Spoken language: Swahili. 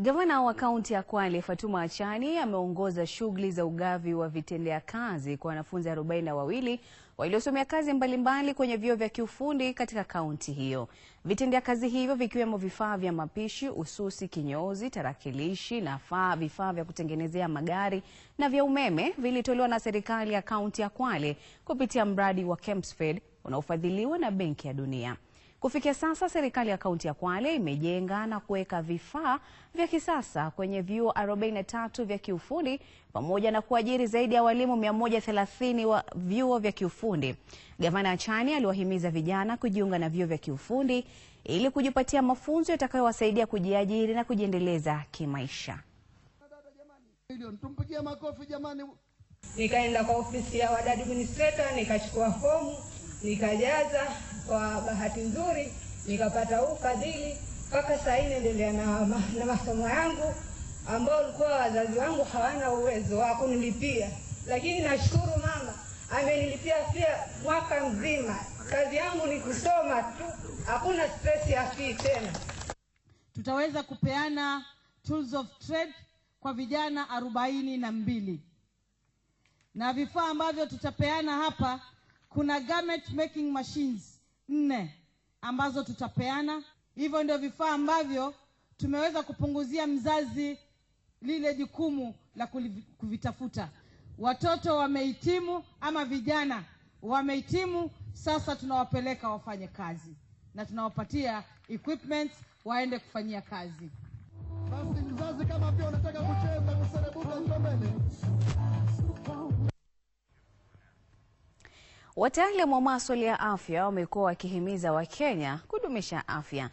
Gavana wa kaunti ya Kwale Fatuma Achani ameongoza shughuli za ugavi wa vitendea kazi kwa wanafunzi arobaini na wawili waliosomea kazi mbalimbali mbali kwenye vyuo vya kiufundi katika kaunti hiyo. Vitendea kazi hivyo vikiwemo vifaa vya mapishi, ususi, kinyozi, tarakilishi na vifaa vya kutengenezea magari na vya umeme vilitolewa na serikali ya kaunti ya Kwale kupitia mradi wa KEMFSED unaofadhiliwa na Benki ya Dunia. Kufikia sasa serikali ya kaunti ya Kwale imejenga na kuweka vifaa vya kisasa kwenye vyuo 43 vya kiufundi pamoja na kuajiri zaidi ya walimu 130 wa vyuo vya kiufundi. Gavana Achani aliwahimiza vijana kujiunga na vyuo vya kiufundi ili kujipatia mafunzo yatakayowasaidia kujiajiri na kujiendeleza kimaisha. Nikaenda kwa ofisi ya wadadi administrator nikachukua fomu nikajaza. Kwa bahati nzuri nikapata ufadhili mpaka saa hii naendelea na, na masomo yangu ambao walikuwa wazazi wangu hawana uwezo wa kunilipia, lakini nashukuru mama amenilipia pia mwaka mzima. Kazi yangu ni kusoma tu, hakuna stress ya fee tena. Tutaweza kupeana tools of trade kwa vijana arobaini na mbili na vifaa ambavyo tutapeana hapa kuna garment making machines nne ambazo tutapeana. Hivyo ndio vifaa ambavyo tumeweza kupunguzia mzazi lile jukumu la kuvitafuta. Watoto wamehitimu ama vijana wamehitimu, sasa tunawapeleka wafanye kazi na tunawapatia equipments waende kufanyia kazi. Basi mzazi kama pia Wataalamu wa maswala ya afya wamekuwa wakihimiza Wakenya kudumisha afya.